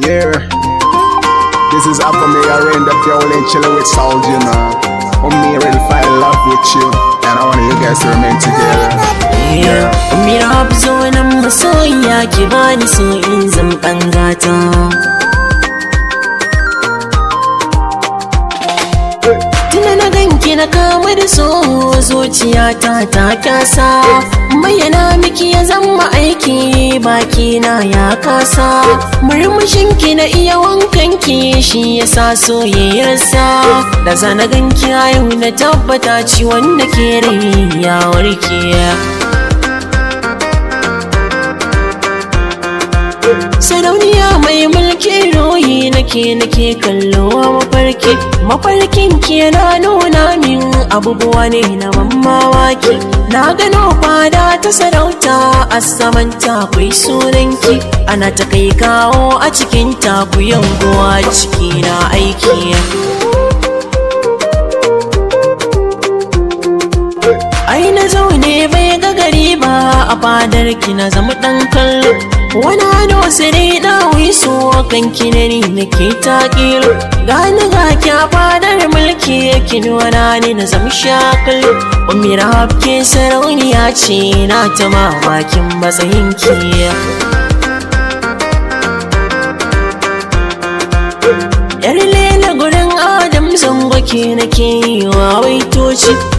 Yeah. This is up for Apple Mayor in the Fuel and chilling with Soul, you know. Oh, me really fall in love with you, and I only you guys remain together. Yeah. Mira hab so and I'ma na masoya ki bani so in zam kangata. Tuna na ganki na kama da so zuciyata ta kasa. baki na ya kasa murmushin ki na iya wankan ki shi yasa soyayyarsa da zanagan ki yau na tabbata ci wanda ke rai ya warke sarauniya mai mulkin royi nake nake kallo mafarki mafarkin ki yana nuna abubuwa ne na mamawaki na gano kwada ta sarauta a saman takwai sunanki ana ta kai kawo a cikin takuyan guwa ciki na aiki ba a fadar ki na zama dan kallo wani hado sire na wiso kan ki na ni ta kilo gani ga ki a fadar mulki ki ni wani ne na zama shakalo umira hafke sarauniya ce na ta mamakin matsayin ki Yar lela gurin Adam zango ke nake yi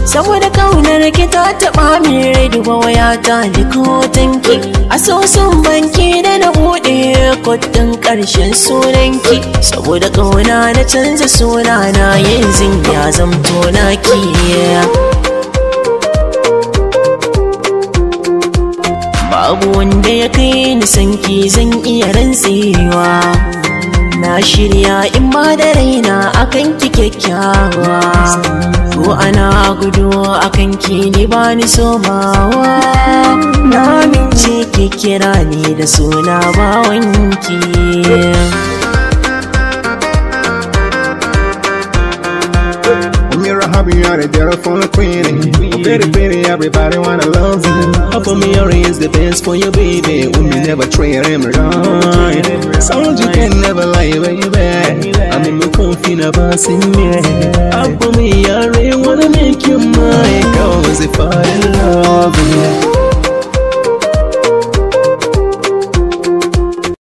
saboda kaunar ki ta taɓa min rai duba wayata da hoton ki asusun banki da na buɗe kudin ƙarshen sunan ki saboda kauna na canza suna na yanzu ya zamto na ki babu wanda ya kai ni sanki zan iya rantsewa na shirya in ba da raina akan ki kyakkyawa ko ana gudu akan kanki ni ba ni somawa na mince ki kira ni da suna bawanki you're the telephone queenie. pretty, pretty, everybody wanna love you. Up on me, your is the best for your baby. When you never treat him right. Sound you can never lie, baby. I'm in my coffin, I'm passing me. Up on me, your wanna make you mine. Cause if I love